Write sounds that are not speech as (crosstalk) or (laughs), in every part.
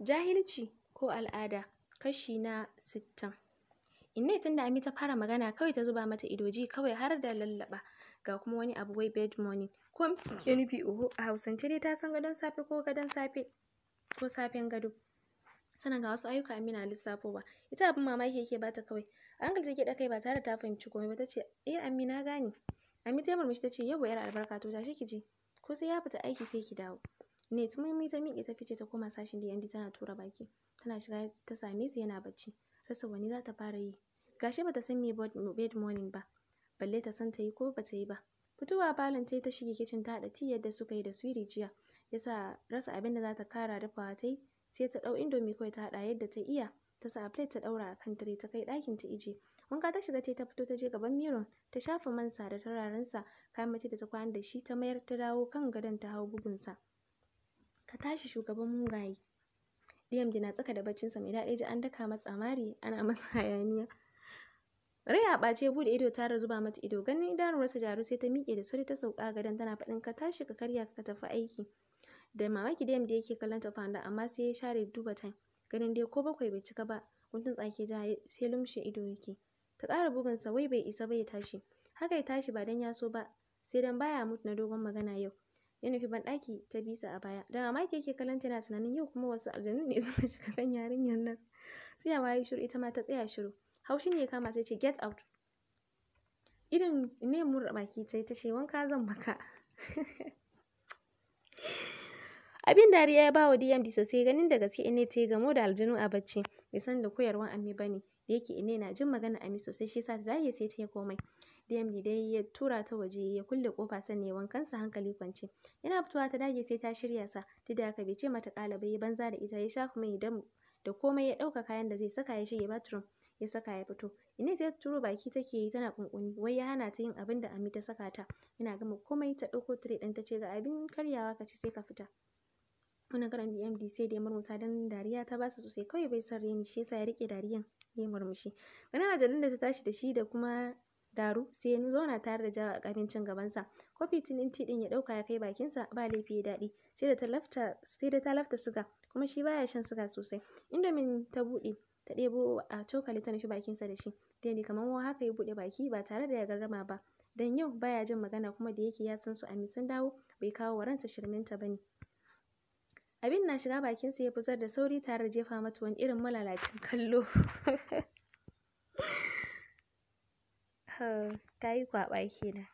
Jahilci ko al'ada kashi na sittin. Inna tunda Ami ta fara magana kawai ta zuba mata ido ji kawai har da lallaɓa ga kuma wani abu wai bed morning" ko ke nufi oho a hausance dai ta san gadon safe ko gadon safe ko safen gado sannan ga wasu ayyuka Amina lissafowa ita abin mamaki yake bata kawai hankali take da kai ba tare ta fahimci komai ba tace eh Amina gane Ami ta murmushi tace yau yar albarka to tashi ki ji ko sai ya fita aiki sai ki dawo ne tumaimi ta miƙe ta fice ta koma sashin DMD tana tura baki tana shiga ta same su yana bacci rasa wani za ta fara yi gashi bata san me bed morning ba balle ta san ta yi ko bata yi ba fitowa falon ta yi ta shige kicin ta haɗa tiyar da suka yi da swiri jiya yasa rasa abin da za ta kara dafawa ta yi sai ta ɗau indomie kawai ta haɗa yadda ta iya ta sa plate ta ɗaura a kan tire ta kai ɗakin ta ije wanka ta shiga ta fito ta je gaban miron ta shafa mansa da turarensa kayan mace da ta kwana da shi ta mayar ta dawo kan gadon ta hau bugunsa ka tashi shugaban mugaye Liam na tsaka da sa mai daɗi ji an daka masa mari ana masa (laughs) hayaniya. Rai a ɓace ya buɗe ido tare zuba mata ido ganin idanuwarsa jaru sai ta miƙe da sauri ta sauka gadon tana faɗin ka tashi ka karya ka tafi aiki. Da mamaki da yake kallon ta fanda amma sai ya share duba time ganin dai ko bakwai bai cika ba kuntun tsake ja sai lumshe ido yake. Ta ƙara sa wai bai isa ba ya tashi. Haka ya tashi ba dan ya so ba sai dan baya mutu na dogon magana yau. ya nufi banɗaki ta bisa a baya da mamaki yake kalanta yana tunanin yau kuma wasu aljanu ne (laughs) suka shiga kan yarinyar nan tsayawa ya shiru ita ma ta tsaya shiru haushin ne kama sai ce get out irin ne mun baki ta yi ta ce wanka zan maka (laughs) abin dariya ya bawa DMD sosai ganin da gaske ne ta yi gamo da aljanu a bacci bai san da koyarwan ammi bane da yake ine na jin magana ammi sosai shi yasa ta dage sai ta yi komai DMD dai ya tura ta waje ya kulle kofa sannan ya sa hankali kwance. Yana fitowa ta dage sai ta shirya sa, duk da haka bai ce mata ba ya banza da ita ya shafa mai damu da komai ya ɗauka kayan da zai saka ya shige bathroom ya saka ya fito. Ina sai turo baki take yi tana kunkuni wai ya hana ta yin abin da Ami ta saka ta. Yana gama komai ta ɗauko tire ɗin ta ce ga abin karyawa ka ci sai ka fita. Wannan karan DMD sai da ya murmusa don dariya ta basu sosai kawai bai son reni shi yasa ya rike dariyan ya murmushi. Wani aljanun da ta tashi da shi da kuma daru sai ya zauna tare da jawa abincin gabansa kofi tininti ti din ya dauka ya kai bakinsa ba laifi ya daɗi sai da ta lafta suga kuma shi baya shan suga sosai indomin ta buɗe ta ɗebo a cokali ta nufi bakinsa da shi daidai kamar wa haka ya buɗe baki ba tare da ya garrama ba dan yau baya jin magana kuma da yake ya san su ami sun dawo bai kawo wa ransa shirminta ba ne. abin na shiga bakinsa ya fitar da sauri tare da jefa mata wani irin malalacin kallo (laughs) ta yi kwaɓa kenan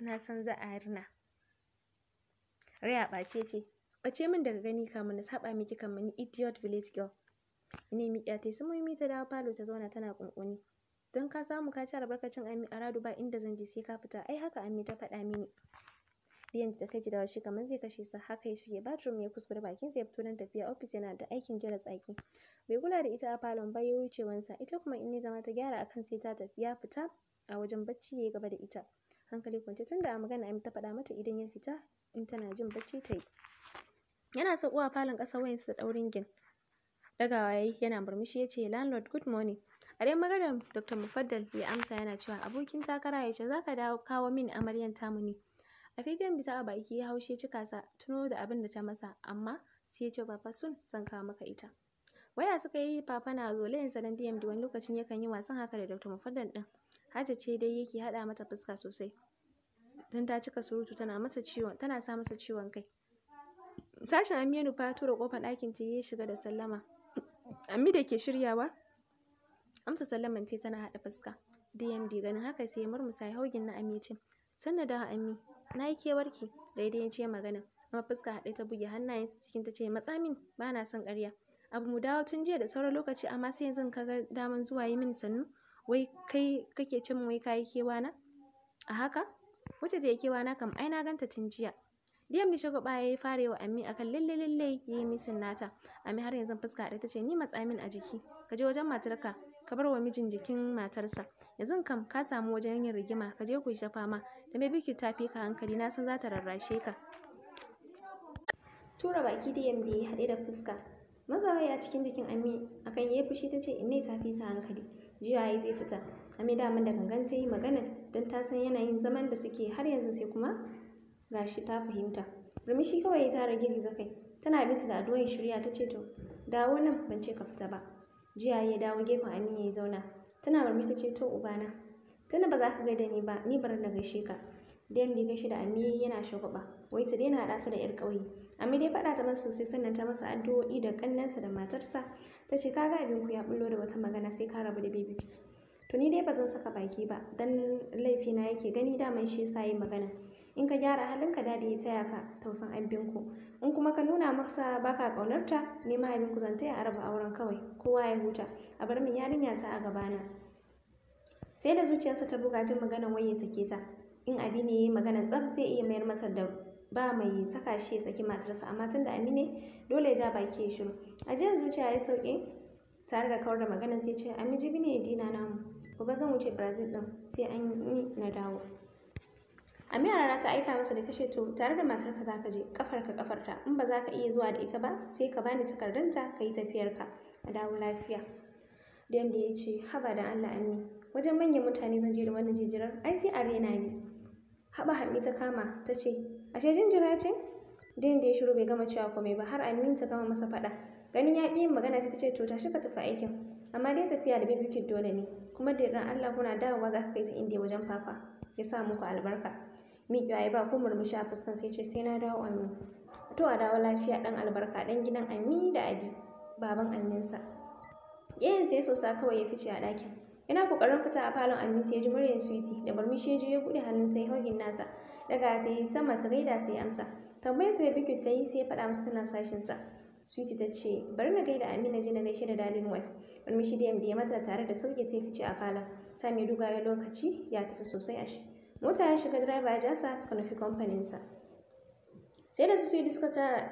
na san za a rina rai a ɓace ce ɓace min daga gani kamu na saba miki kamun idiot village girl ne miƙa ta sun mimi ta dawo falo ta zauna tana ƙunƙuni don ka samu ka ci albarkacin ami a radu ba inda zan je sai ka fita ai haka ami ta faɗa mini Liyan ta kai da shi kamar zai kashe sa haka ya shige bathroom ya kuskure bakin sa ya fito don tafiya ofis yana da aikin jira tsaki bai kula da ita a falon ba ya wuce wansa ita kuma in zama ta gyara akan sai ta tafi ya fita a wajen bacci ya gaba da ita hankali kwance tunda a magana ta faɗa mata idan ya fita in tana jin bacci ta yi yana uwa falon ƙasa su da ɗaurin gin dagawa yayi yana murmushi ya ce landlord good morning a dai maganar dr mufaddal ya amsa yana cewa abokin takara yaushe ce zaka dawo kawo min amaryan tamu ne a filin bisa a baki ya haushe cika sa tuno da abin da ta masa amma sai ya ce papa sun zan kawo maka ita waya suka yi fafa na zolayen salon dm wani lokacin yakan yi wasan haka da dr mufaddal din hajja ce dai yake haɗa mata fuska sosai don ta cika surutu tana masa ciwon tana sa masa ciwon kai sashen aminu fa tura kofar ɗakin ta ya shiga da sallama ammi da ke shiryawa amsa sallaman ce tana haɗa fuska dmd ganin haka sai murmusa ya haugin na ammi ce sanna da ammi na yi kewarki daidai ya ce magana kuma fuska haɗe ta buge hannayensa cikin ta ce matsamin ba na son ƙarya abu mu dawo tun jiya da sauran lokaci amma sai yanzu ka ga daman zuwa yi min sannu wai kai kake ce wai kayi kewa na a haka wuce ta yi kewa na kam ai na ganta tun jiya Diyam da shugaba ya yi fare wa ammi akan lalle lalle ya yi misin nata. ammi har yanzu fuska da ta ce ni matsa min a jiki. Ka je wajen matarka ka bar wa mijin jikin matarsa. Yanzu kam ka samu wajen yin rigima ka je ku yi ma Da mai biki ta fika ka hankali na san za ta rarrashe ka. Tura baki Diyam da ya haɗe da fuska. matsawaye a cikin jikin ami akan ya fushi ta ce in ne ta fi sa hankali jiya yi zai fita ami daman da gangan ta yi magana don ta san yanayin zaman da suke har yanzu sai kuma gashi ta fahimta murmushi kawai ya tara girgiza kai tana bin su da addu'ar shirya ta ce to dawo nan ban ce ka fita ba jiya ya dawo gefen ami ya zauna tana murmushi ta ce to ubana tana ba za ka gaida ni ba ni bar na gaishe ka DMD gashi da Ami yana shagwaba, wai ta daina haɗa su da 'yar ƙauye. Ami dai faɗa ta masa sosai sannan ta masa addu'o'i da ƙannensa da matarsa. Ta ce kaga abin ku ya bullo da wata magana sai ka rabu da baby fiki To ni dai ba zan saka baki ba dan laifina yake gani daman shi yasa yi magana. In ka gyara halin halinka dadi ya taya ka tausan ku In kuma ka nuna masa baka ƙaunarta ni ma abinku zan taya a raba auren kawai kowa ya huta a bar min yarinya ta a gabana. sai da zuciyarsa ta buga jin maganar wai ya sake ta in abi ne ya magana tsaf zai iya mayar masa da ba mai saka shi ya saki matarsa amma tunda abi ne dole ya ja baki ya shiru a ajiyar zuciya ya sauke tare da kawar da magana sai ce ami jibi ne ya dina namu gobe zan wuce brazil din sai an yi na dawo Amira rana ta aika masa da ta ce to tare da matarka za ka je kafar ka kafarta in ba za ka iya zuwa da ita ba sai ka bani takardunta ka yi tafiyarka a dawo lafiya. Dem da ya ce haba da Allah amin wajen manyan mutane zan je da wannan jijirar ai sai a rena ne Haba hammi ta kama ta ce ashe jinjira ce din da ya shiru bai gama cewa komai ba har amin ta gama masa faɗa ganin ya ƙi yin magana sai ta ce to ta ka tafi aikin amma dai tafiya da bibikin dole ne kuma da ran Allah kuna dawowa za ka kai ta inda wajen fafa ya sa muku albarka miƙewa ya ba ko murmushi a fuskan sai ce sai na dawo amin to a dawo lafiya ɗan albarka dan gidan ami da abi baban aminsa yayin sai sosa kawai ya fice a ɗakin yana kokarin fita a falon Aminsu ya ji muryar Sweety da barmishi ya je ya bude hannu ta yi hogin nasa daga ta yi sama ta gaida sai amsa tambayarsa da bikin ta yi sai ya faɗa masa tana sashin sa Sweety ta ce bari na gaida Amina je na gaishe da Dalin wife Barmishi da ya mata tare da sauke ta fice a falon ta mai duga ya lokaci ya tafi sosai a shi mota ya shiga driver ya jasa suka nufi kamfanin sa sai da su suka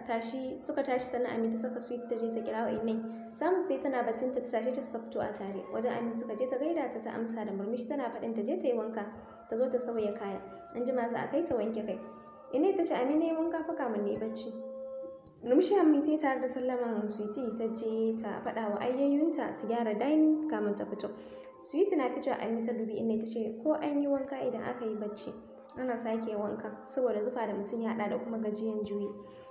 tashi suka tashi sannan amin ta saka sweet ta je ta kira wa'inai samun sai tana batunta ta tashi ta suka fito a tare wajen amin suka je ta gaida ta ta amsa da murmushi tana faɗin ta je ta yi wanka ta zo ta sauya kaya an ji za a kai ta wanke kai ina ta ce amin ne wanka fa kamun ne bacci murmushi amin ta yi tare da sallama sweet ta je ta faɗa wa ayyayunta su gyara dining kamun ta fito sweet na fice amin ta dubi ina ta ce ko an yi wanka idan aka yi bacci ana sake wanka saboda zufa da mutum ya haɗa da kuma gajiyan juyi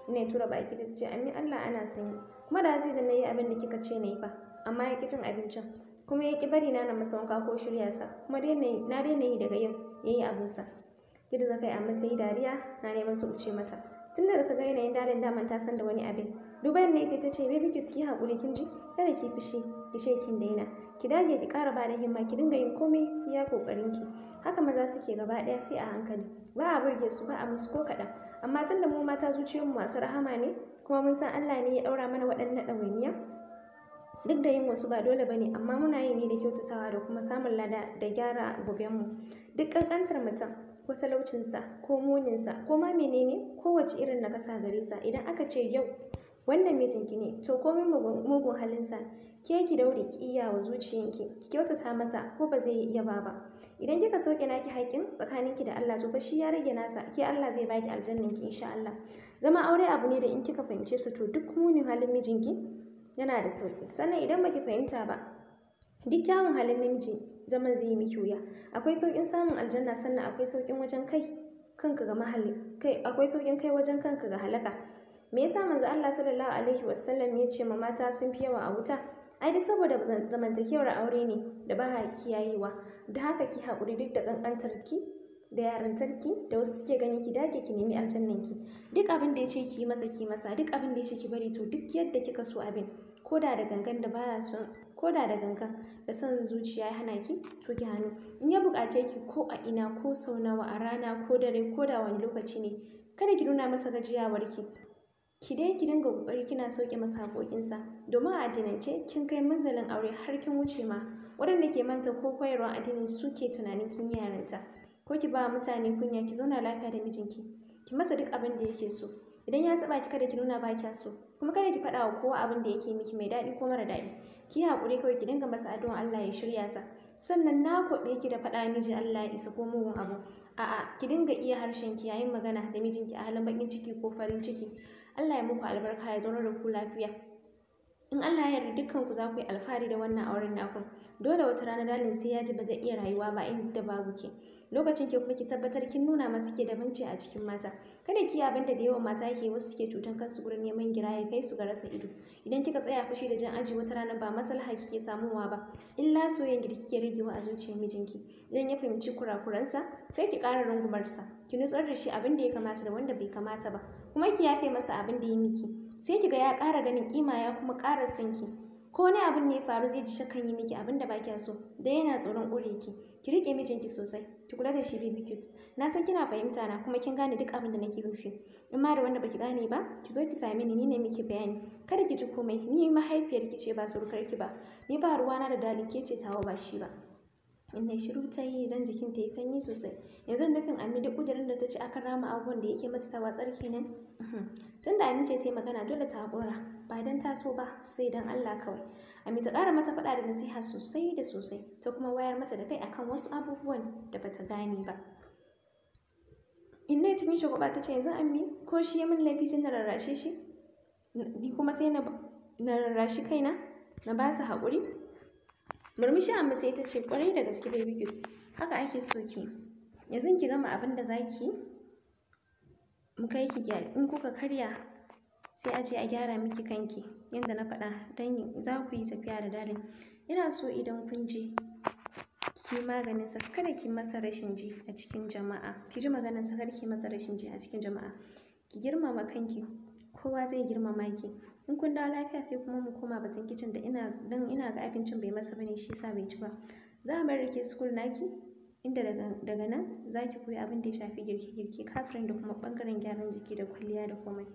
ina tura baki ta ce amin Allah ana sanyi kuma da zai da nayi abin da kika ce nayi fa amma ya ki cin abincin kuma ya ki bari na na masa wanka ko shirya sa kuma na daina yi daga yau yayi abin sa girza kai amma ta yi dariya na neman su mata tun daga ta ga yanayin dadin daman ta san da wani abin duban ne ta ce baby cute ki hakuri kin ji kada ki fishi ki ce kin daina ki dage ki kara bada himma ki dinga yin komai ya kokarin ki haka maza suke gaba ɗaya sai a hankali ba a burge su ba a musu ko kaɗan amma tunda mu mata zuciyarmu masu rahama ne kuma mun san Allah ne ya ɗaura mana waɗannan ɗawainiya duk da yin wasu ba dole ba ne amma muna yi ne da kyautatawa da kuma samun lada da gyara mu duk ƙanƙantar mutum ko talaucinsa ko muninsa ko ma menene kowace irin nakasa gare sa idan aka ce yau wannan mijinki ne to komai mugun halinsa ke ki daure ki iya wa zuciyanki ki kyautata masa ko ba zai iya ba ba idan kika sauke naki haƙƙin tsakaninki da Allah to fa shi ya rage nasa ke Allah zai baki ki insha Allah zama aure abu ne da in kika fahimce su to duk munin halin mijinki yana da sauki sannan idan baki fahimta ba duk kyawun halin namiji zaman zai yi miki wuya akwai saukin samun aljanna sannan akwai saukin wajen kai kanka ga mahalli akwai saukin kai wajen kanka ga halaka me yasa manzo Allah sallallahu alaihi wasallam ya ce ma mata sun fi yawa a wuta ai duk saboda zamantakewar aure ne da ba kiyayewa da haka ki haƙuri duk da ƙanƙantar ki da yarantarki da wasu suke ganin ki dage ki nemi aljannan ki duk abin da ya ce ki masa ki masa duk abin da ya ce ki bari to duk yadda kika so abin ko da da gangan da baya son ko da gangan da son zuciya ya hana ki to ki hannu in ya buƙace ki ko a ina ko sau nawa a rana ko dare ko da wani lokaci ne kada ki nuna masa gajiyawar ki ki dai ki dinga kokari kina sauke masa haƙoƙinsa domin a addinance kin kai manzalin aure har kin wuce ma waɗanda ke manta ko koyarwar addini suke tunanin kin yarinta ko ki ba mutane kunya ki zauna lafiya da mijinki ki masa duk abin da yake so idan ya taɓa ki kada ki nuna ba kya so kuma kada ki faɗa wa kowa abin da yake miki mai daɗi ko mara daɗi ki yi haƙuri kawai ki dinga masa addu'an Allah ya shirya sa sannan na koɓe ki da faɗa miji Allah ya isa ko mugun abu a'a ki dinga iya harshen ki yayin magana da mijinki a halin bakin ciki ko farin ciki Allah ya muku albarka ya zauna da ku lafiya in Allah ya yarda dukkan ku za ku yi alfahari da wannan auren naku dole wata rana dalin sai ya ji ba zai iya rayuwa ba inda babu ke lokacin ke kuma ki tabbatar kin nuna masa ke da banci a cikin mata kada ki yi abin da yawan mata ke wasu suke cutan kansu gurin neman gira ya kai su ga rasa ido idan kika tsaya fushi da jan aji wata rana ba maslaha kike samuwa ba illa soyayyen girki kike ragewa a zuciyar mijinki idan ya fahimci kurakuransa sai ki ƙara rungumarsa ki nutsar da shi abin da ya kamata da wanda bai kamata ba kuma ki yafe masa abin da ya miki sai kiga ya ƙara ganin kima ya kuma ƙara son ki ko wani abin ne faru zai ji shakkan yi miki abin da ba kya so da yana tsoron ƙure ki ki riƙe mijinki sosai ki kula da shi baby cute na san kina fahimta na kuma kin gane duk abin da nake nufi in ma da wanda baki gane ba ki zo ki same ni ni ne miki bayani kada ki ji komai ni mahaifiyarki ce ba surukarki ba ni ba ruwana da dalin ce tawa ba shi ba Inna shiru ta yi don jikin ta yi sanyi sosai. Yanzu nufin Ami duk ƙudurin da ta ci akan rama abubuwan da yake mata ta tsarki kenan. Uhm, tun da Ami ce ta yi magana dole ta haƙura ba don ta so ba sai don Allah kawai. Ami ta ƙara mata faɗa da nasiha sosai da sosai ta kuma wayar mata da kai akan wasu abubuwan da bata gane ba. Inna cikin shagwaba ta ce yanzu Ami ko shi ya min laifi sai na rarrashe shi? Ni kuma sai na rarrashi kaina na ba su haƙuri? murmushi Ammata ta ce kwarai da gaske baby kitu haka ake so ki yanzu ki gama abin da zaki mu kai ki in kuka karya sai a ce a gyara miki kanki yadda na faɗa don za ku yi tafiya da dalin yana so idan kun je ki maganin sa kada ki masa rashin ji a cikin jama'a ki ji maganin sa kada ki masa rashin ji a cikin jama'a ki girmama kanki kowa zai girmama ki in kun dawo lafiya sai kuma mu koma batun kicin da ina dan ina ga abincin bai masa bane shi yasa bai ci ba za mu bar ke school naki inda daga nan za ki koyi abin da ya shafi girke-girke catering da kuma bangaren gyaran jiki da kwalliya da komai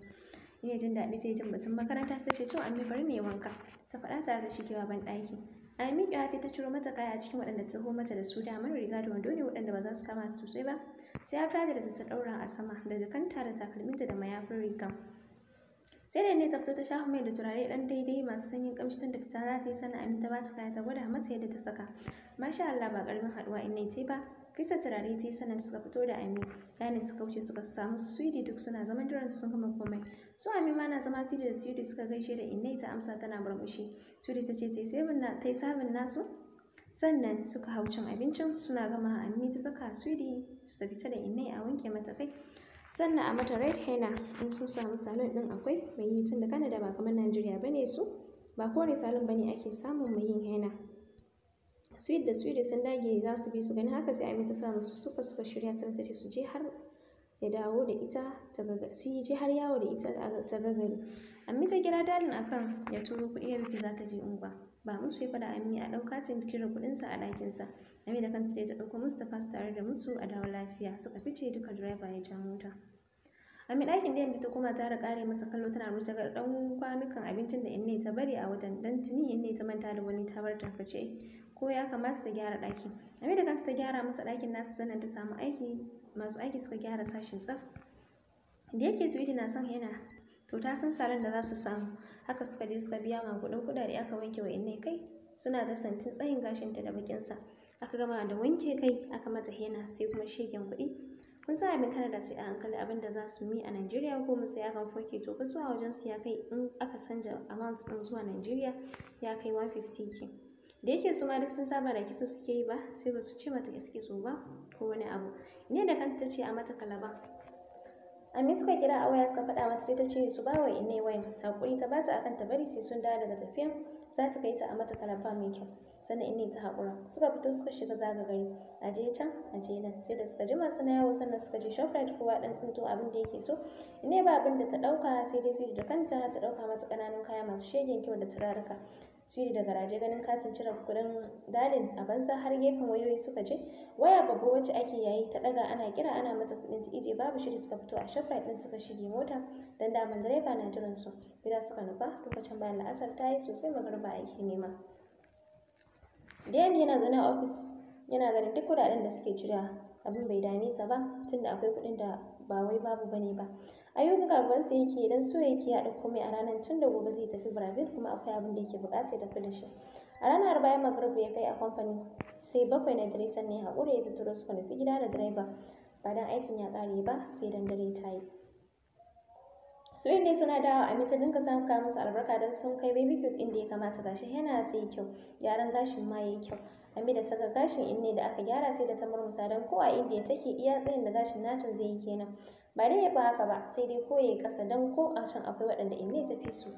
ina jin daɗi ta yi jin batun makaranta ta ce to ami bari ne wanka ta faɗa tare da shigewa ban ɗaki ami ƙiwa ce ta ciro mata kaya a cikin waɗanda ta mata da su damar riga da wando ne waɗanda ba za su kama su sosai ba sai ya fara da ta ɗaura a sama da jakanta da takalminta da mayafin rigan sai da ne ta fito ta mai da turare dan daidai masu sanyin kamshi tun da fita za ta yi sana amin ta kaya ta gwada mata yadda ta saka masha Allah ba karamin haduwa in ta ba kisa turare ta yi sanar suka fito da ami yanin suka wuce suka samu su suidi duk suna zaman jiran sun gama komai su ami ma na zama suidi da suidi suka gaishe da inai ta amsa tana murmushi suidi ta ce ta yi sabin nasu sannan suka hau cin abincin suna gama ammi ta saka suidi su tafi ta da inai a wanke mata kai sannan a mata red henna in sun samu salon ɗin akwai mai yi tun da kanada ba kamar nigeria ba ne su ba kowane salon ba ne ake samun mai yin henna sweet da sweet sun dage za su bi su gani haka sai aminta sa musu suka suka shirya sai ta ce su je har ya dawo da ita su yi je har yawo da ita ta gagari amma ta kira dalin akan ya turo kuɗi ya biki za ta je unguwa ba musu ya faɗa ammi a ɗauka ta bikin kuɗinsa a ɗakinsa ammi da kanta ta ɗauko mustapha su tare da musu a dawo lafiya suka fice duka direba ya ja mota Ami ɗakin da yanzu ta koma ta ƙare masa kallo tana rubuta ga ɗan kwanukan abincin da inne ta bari a watan dan tuni inne ta manta da wani ta bar tarkace ko ya kamata ta gyara ɗakin. Ami da kansa ta gyara masa ɗakin nasu sannan ta samu aiki masu aiki suka gyara sashin tsaf. Da yake suwiti na son yana to ta san salon da za su samu haka suka je suka biya ma kuɗin kuɗaɗe aka wanke wa inne kai suna ta santin tsayin gashinta da sa aka gama da wanke kai aka mata hena sai kuma shegen kuɗi kun san abin Canada sai a hankali abin da za su yi a Najeriya ko mu sai akan foki to kasuwa wajen su ya kai in aka canja amount din zuwa Najeriya ya kai 150k da yake su ma duk sun saba da kiso suke yi ba sai ba su ce mata suke so ba ko wani abu ne da kanta ta ce a mata kalaba Ami suka kira a waya suka faɗa mata sai ta ce su bawa inne wayan hakuri ta bata akan ta bari sai sun dawo daga tafiya za ta kai ta a mata kalafa mai kyau sannan inne ta hakura suka fito suka shiga zaga gari a je can a je nan sai da suka masu na yawo sannan suka je shoprite kowa dan tsinto abin da yake so inne ba abin da ta ɗauka sai dai su da kanta ta ɗauka mata ƙananun kaya masu shegen kyau da turaruka Swede da garaje ganin katin cire kuɗin dalin a banza har gefen wayoyi suka je. Waya babba wacce ake yayi ta daga? ana kira ana mata kuɗin ta ije babu shiri suka fito a shafra din suka shige mota dan daman direba na jiran su. Gida suka nufa lokacin bayan la'asar ta yi sosai magarba aiki nema. dem yana zaune a ofis yana ganin duk kuɗaɗen da suke cira abin bai dame sa ba tunda akwai kuɗin da ba wai babu bane ba a yau yake idan so yake haɗa komai a ranar tun da gobe zai tafi brazil kuma akwai abin da yake bukata ya tafi da shi a ranar bayan magrib ya kai a kamfani sai bakwai na dare sannan ya haƙura ya tattaro suka nufi gida da direba ba don aikin ya ƙare ba sai dan dare ta yi su inda suna dawo a mita dinka samun kawo musu albarka don sun kai baby cute inda ya kamata gashi yana ta yi kyau gyaran gashin ma ya yi kyau Ami da ta ga gashin inne da aka gyara sai da ta murmusa don ko a inda take iya tsayin da gashin natin zai yi kenan ba dai ya fi haka ba sai dai ko ya yi ƙasa don ko a can akwai waɗanda in ne tafi su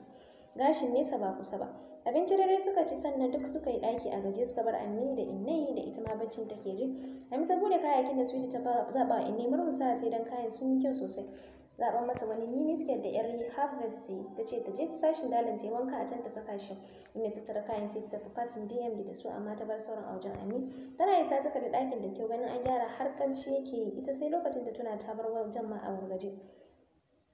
gashin nesa ba kusa ba abinci dare suka ci sannan duk suka yi ɗaki a gaje suka bar amini da innai da ita ma baccin take ji ami ta bude kayayyakin da su ta zaɓa wa innai murmusa ta don kayan sun yi kyau sosai zaɓen mata wani minisket da 'yar harvest ta yi ta ce ta je sashin dalin ta yi wanka a can ta saka shi inda ta tara kayan ta tafi fatin dmd da su amma ta bar sauran a wajen amin tana isa ta kalli ɗakin da kyau ganin an gyara har ƙanshi yake yi ita sai lokacin ta tuna ta bar wajen ma a wargaje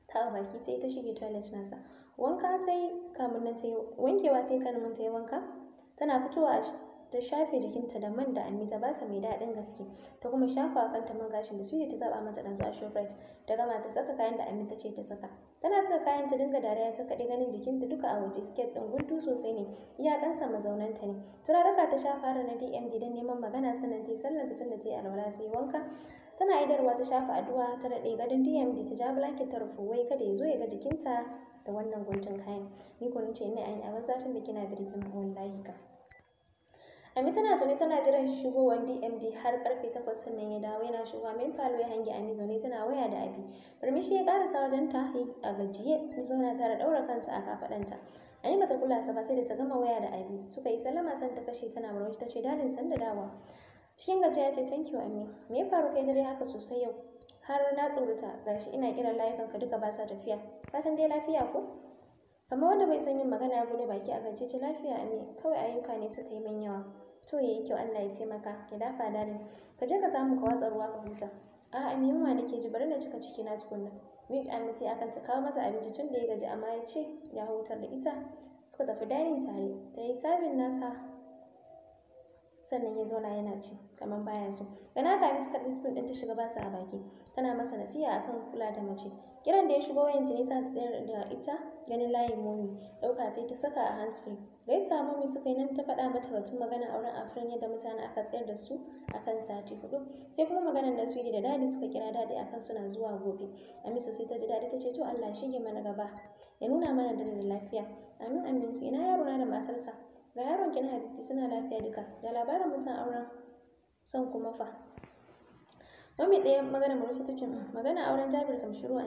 ta baki ta yi ta shige toilet nasa wanka ta yi kamun ta yi wankewa ta yi kamun ta yi wanka tana fitowa a ta shafe jikinta da man da amita ba ta mai daɗin gaske ta kuma shafa a kanta man gashin da su ta zaba mata ɗansu a shoprite ta gama ta saka kayan da amita ce ta saka tana saka kayan ta dinga dariya ta kaɗi ganin jikinta duka a waje siket ɗin guntu sosai ne iyakansa mazaunanta ne turaruka ta sha fara na dmd don neman magana sannan ta yi sallanta tun da ta yi alwala ta yi wanka tana idarwa ta shafa addu'a ta daɗe gadon dmd ta ja blanket ta rufu wai kada ya zo ya ga jikinta da wannan guntun kayan ni ko nace ina yin abin satin da kina birgin wallahi ka Ami tana zaune tana jiran shigowar DMD har karfe takwas sannan ya dawo yana shigowa min falo ya hangi Ami zaune tana waya da Abi. Barmishi ya karasa wajen ta a gajiye ya zauna tare daura kansa a kafaɗanta. Ami bata kula sa ba sai da ta gama waya da Abi. Suka yi sallama san ta kashe tana murmushi ce dadin san da dawa. Cikin gajiya ce thank you Ami. Me ya faru kai dare haka sosai yau? Har na tsorata gashi ina kiran layukanka duka basa sa tafiya. Fatan dai lafiya ko? kamar wanda bai san yin magana ya bude baki a gance ce lafiya ami kawai ayyuka ne suka yi min yawa to yayi kyau Allah ya taimaka ya dafa dalin ka je ka samu ka watsa ruwa ka huta a me yunwa nake ji bari na cika ciki na tukunna Mick amince akan ta kawo masa abinci tun da ya gaji amma ya ce ya hutar da ita suka tafi dining tare ta yi sabin nasa sannan ya zauna yana ci kamar baya so gana ka ta karɓi spoon ɗin ta shiga ba a baki tana masa nasiha akan kula da mace kiran da ya shigo wayan ta ne sa tsayar da ita ganin layin momi ɗauka ce ta saka a handsfree gaisa momi suka yi nan ta faɗa mata batun magana auren afirin yadda mutane aka tsayar da su akan sati hudu sai kuma maganar da su da dadi suka kira dadi akan suna zuwa gobe amin sosai ta ji dadi ta ce to Allah shige mana gaba ya nuna mana da lafiya amin amin ina yaro na da matarsa ga yaron na habibi suna lafiya duka da labarin mutan auren son kuma fa Mami ɗaya magana wasu ta ce mm, magana auren Jabir kam shiru a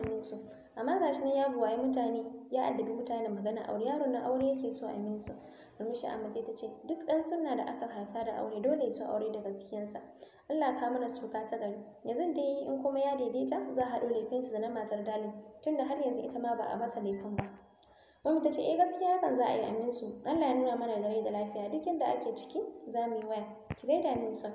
amma ga shi nan ya buwaye mutane ya addabi mutane magana aure yaro na aure yake so a yi su murmushi ta ce duk ɗan sunna da aka haifa da aure dole ya so aure da gaskiyansa Allah ka mana suka ta gari yanzu dai in kuma ya daidaita za a haɗo laifinsa da na matar dalin tunda har yanzu ita ma ba a mata laifin ba Mami ta ce e gaskiya hakan za a yi aminsu Allah ya nuna mana gari da lafiya duk inda ake ciki za mu yi waya ki gaida min son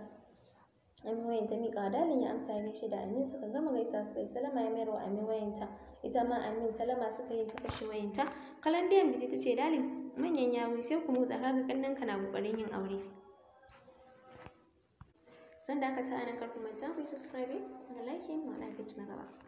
Amin wayanta ta miƙa dalin ya amsa ya shi da Amin suka gama gaisa suka yi salama ya mayar wa Amin wayanta. Ita ma Amin salama suka yi ta kashe wayanta. Kalan da ta ce dalin manyan yawo sai ku motsa kaga kannan ka na kokarin yin aure. Sanda aka ta anan karku mai ku yi subscribing da liking ma'ana na gaba.